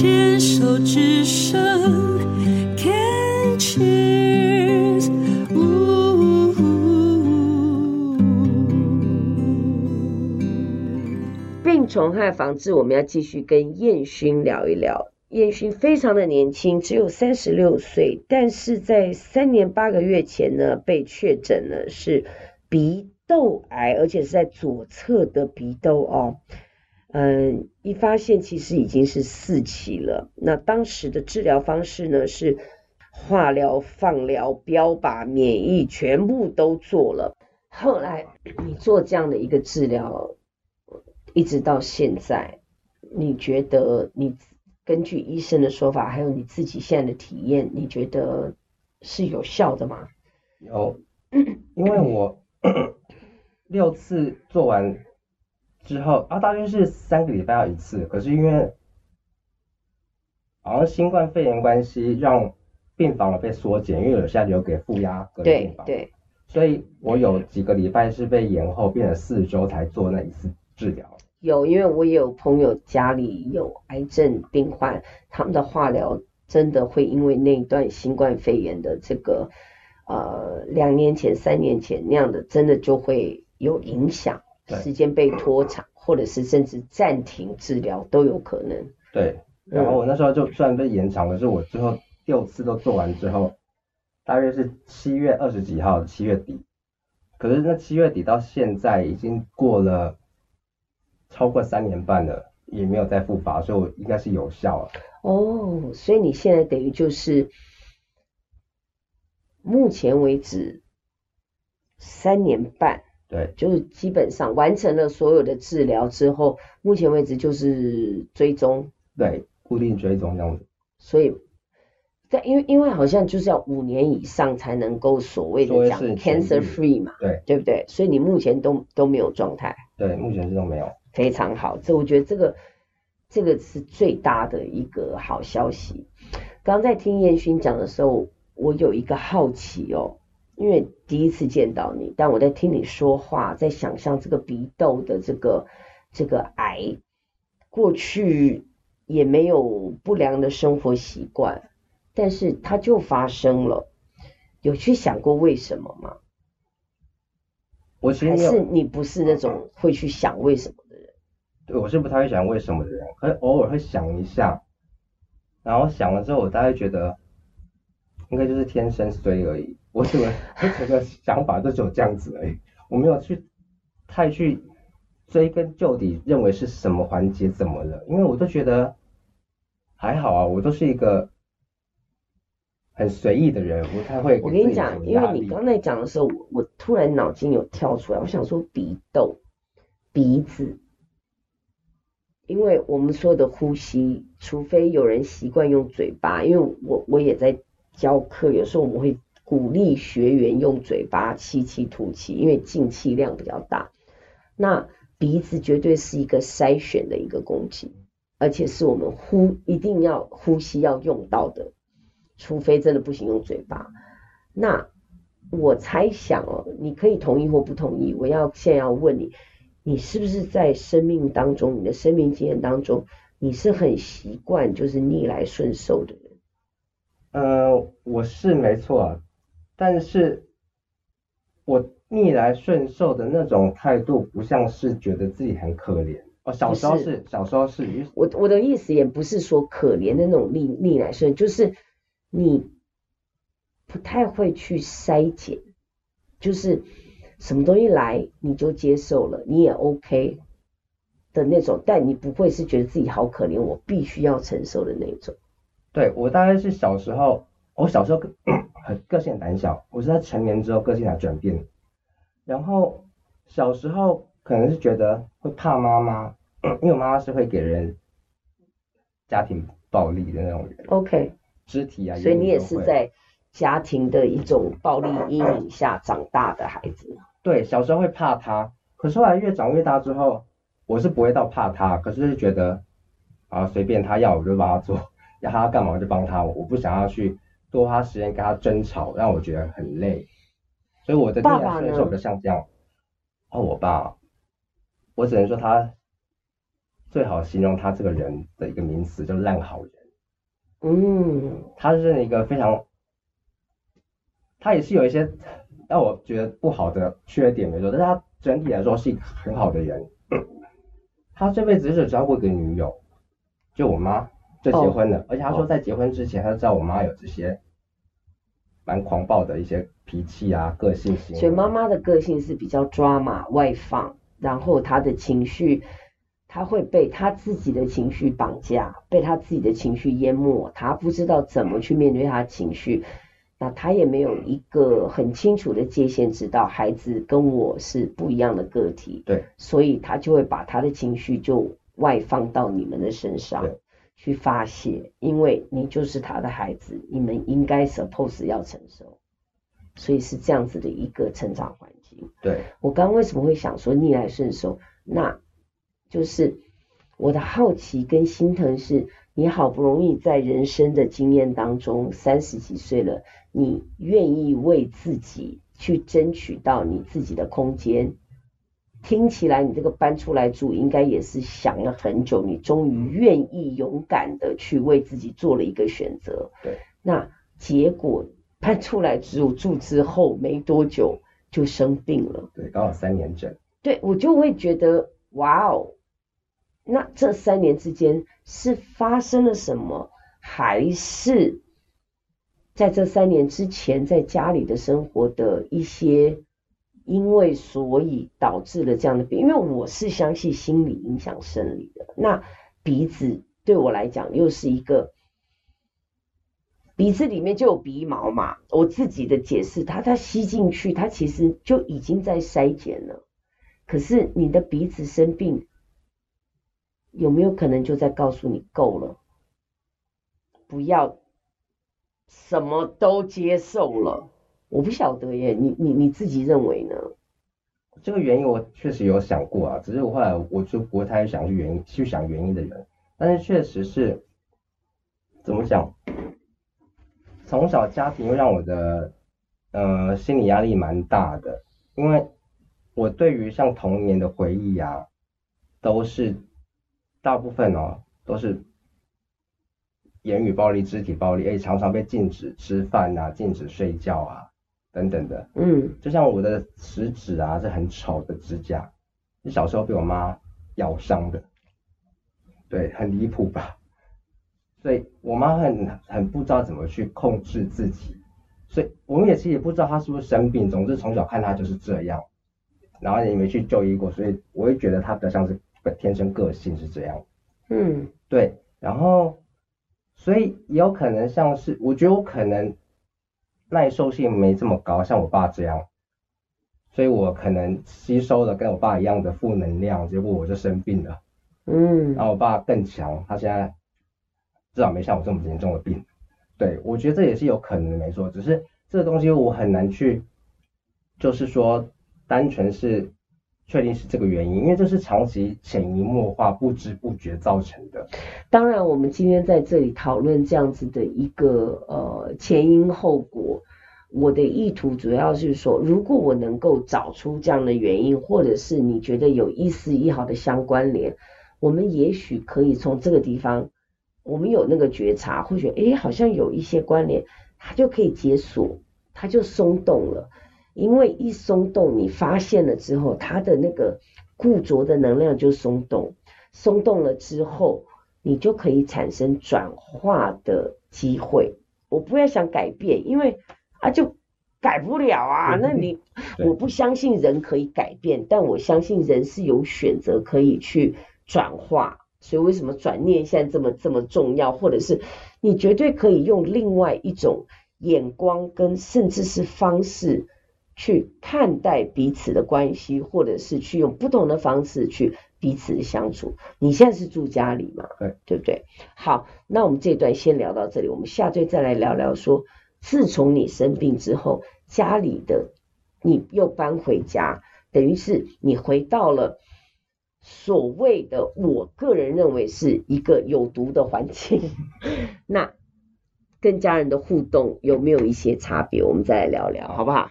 牽手之聲 cheers, 病蟲害防治，我們要繼續跟彥勳聊一聊。彥勳非常的年輕，只有三十六歲，但是在三年八個月前呢，被確診了是鼻竇癌，而且是在左側的鼻竇哦。嗯，一發現其實已經是四期了。那當時的治療方式呢，是化療、放療、標靶、免疫全部都做了。後來你做這樣的一個治療，一直到現在，你覺得你根據醫生的說法，還有你自己現在的體驗，你覺得是有效的嗎？有，因為我 六次做完。之後啊，大約是三個禮拜要一次，可是因為好像新冠肺炎關係，讓病房了被縮減，因為有些留給負壓隔離病房。對對。所以我有幾個禮拜是被延後，變成四周才做那一次治療。有，因為我也有朋友家裡有癌症病患，他們的化療真的會因為那一段新冠肺炎的這個呃兩年前、三年前那樣的，真的就會有影響。對，時間被拖長，或者是甚至暫停治療都有可能。對，然後我那時候就算被延長了，嗯，是我最後六次都做完之後，大約是七月二十幾號，七月底。可是那七月底到現在已經過了超過三年半了，也沒有再復發，所以我應該是有效了。哦，所以你現在等於就是目前為止三年半。對，就是基本上完成了所有的治療之後，目前為止就是追蹤，對，固定追蹤這樣子。所以，在因為因為好像就是要五年以上才能夠所謂的講 cancer, cancer free 嘛，對，對不對？所以你目前都都沒有狀態。對，目前是都沒有。非常好，這我覺得這個這個是最大的一個好消息。剛在聽彥勳講的時候，我有一個好奇哦、喔。因為第一次見到你，但我在聽你說話，在想象這個鼻竇的這個這個癌，過去也沒有不良的生活習慣，但是它就發生了。有去想過為什麼嗎？我其實還是你不是那種會去想為什麼的人。對，我是不太會想為什麼的人，會偶爾會想一下，然後想了之後，我大概覺得。應該就是天生衰而已。我怎麼？我整個想法都只有這樣子而已。我沒有去太去追根究底，認為是什麼環節怎麼了，因為我都覺得還好啊。我都是一個很隨意的人，我太會我。我跟你講，因為你剛才講的時候，我我突然腦筋有跳出來，我想說鼻竇、鼻子，因為我們所有的呼吸，除非有人習慣用嘴巴，因為我我也在。教課有時候我們會鼓勵學員用嘴巴吸氣吐氣，因為進氣量比較大。那鼻子絕對是一個篩選的一個工具，而且是我們呼一定要呼吸要用到的，除非真的不行用嘴巴。那我猜想哦、喔，你可以同意或不同意。我要現在要問你，你是不是在生命當中，你的生命經驗當中，你是很習慣就是逆來順受的人？呃，我是沒錯啊，但是，我逆來順受的那種態度，不像是覺得自己很可憐。哦，小時候是，是小時候是。我我的意思也不是說可憐的那種逆逆來順，就是你不太會去篩檢，就是什麼東西來你就接受了，你也 OK 的那種，但你不會是覺得自己好可憐，我必須要承受的那種。對，我大概是小時候，我小時候個很個性很膽小，我是在成年之後個性才轉變。然後小時候可能是覺得會怕媽媽，因為我媽媽是會給人家庭暴力的那種人。OK。肢體啊，所以你也是在家庭的一種暴力陰影下長大的孩子。對，小時候會怕他，可是後來越長越大之後，我是不會到怕他，可是就覺得啊隨便他，要我就幫他做，要他幹嘛就幫他我，我不想要去多花時間跟他爭吵，讓我覺得很累。所以我的第二順我就像這樣。哦，我爸，我只能說他最好形容他這個人的一個名詞叫爛好人。嗯，他是一個非常，他也是有一些讓我覺得不好的缺點沒錯，但是他整體來說是一個很好的人。 他這輩子就是交過一個女友，就我媽。就結婚了，oh, 而且他說在結婚之前，oh. 他知道我媽有這些蠻狂暴的一些脾氣啊、個性，所以媽媽的個性是比較抓馬、外放，然後他的情緒，他會被他自己的情緒綁架，被他自己的情緒淹沒，他不知道怎麼去面對他的情緒。那他也沒有一個很清楚的界限，知道孩子跟我是不一樣的個體，對，所以他就會把他的情緒就外放到你們的身上。對去發洩，因為你就是他的孩子，你們應該 suppose 要承受，所以是這樣子的一個成長環境。對，我剛剛為什麼會想說逆來順受？那就是我的好奇跟心疼是，你好不容易在人生的經驗當中，三十幾歲了，你願意為自己去爭取到你自己的空間。聽起來你這個搬出來住應該也是想了很久，你終於願意勇敢的去為自己做了一個選擇。對，那結果搬出來住住之後沒多久就生病了。對，剛好三年整。對，我就會覺得哇哦，那這三年之間是發生了什麼？還是在這三年之前在家裡的生活的一些。因為所以導致了這樣的病，因為我是相信心理影響生理的。那鼻子對我來講又是一個，鼻子裡面就有鼻毛嘛。我自己的解釋，它它吸進去，它其實就已經在篩檢了。可是你的鼻子生病，有沒有可能就在告訴你夠了，不要什麼都接受了？我不曉得耶，你你你自己認為呢？這個原因我確實有想過啊，只是我後來我就不太想去原因去想原因的人，但是確實是，怎麼講？從小家庭會讓我的呃心理壓力蠻大的，因為我對於像童年的回憶啊，都是大部分哦、喔、都是言語暴力、肢體暴力，哎，常常被禁止吃飯啊，禁止睡覺啊。等等的，嗯，就像我的食指啊，是很醜的指甲，你小時候被我媽咬傷的，對，很離譜吧？所以我媽很很不知道怎麼去控制自己，所以我們也其實也不知道她是不是生病，總之從小看她就是這樣，然後也沒去就醫過，所以我也覺得她比較像是天生個性是這樣，嗯，對，然後，所以也有可能像是，我覺得我可能，耐受性沒這麼高，像我爸這樣，所以我可能吸收了跟我爸一樣的負能量，結果我就生病了。嗯，然後我爸更強，他現在至少沒像我這麼嚴重的病。對，我覺得這也是有可能的，沒錯，只是這個東西我很難去，就是說單純是。確定是這個原因，因為這是長期潛移默化、不知不覺造成的。當然，我們今天在這裡討論這樣子的一個呃前因後果，我的意圖主要是說，如果我能夠找出這樣的原因，或者是你覺得有一絲一毫的相關聯，我們也許可以從這個地方，我們有那個覺察，或許哎、欸，好像有一些關聯，它就可以解鎖，它就鬆動了。因為一鬆動，你發現了之後，它的那個固着的能量就鬆動，鬆動了之後，你就可以產生轉化的機會。我不要想改變，因為啊就改不了啊。那你我不相信人可以改變，但我相信人是有選擇可以去轉化。所以為什麼轉念現在這麼這麼重要，或者是你絕對可以用另外一種眼光跟甚至是方式。去看待彼此的關係，或者是去用不同的方式去彼此相處。你現在是住家裡嘛？嗯，對不對？好，那我們這段先聊到這裡，我們下周再來聊聊說。說自從你生病之後，家裡的你又搬回家，等於是你回到了所謂的我個人認為是一個有毒的環境。 那跟家人的互動有沒有一些差別？我們再來聊聊，好不好？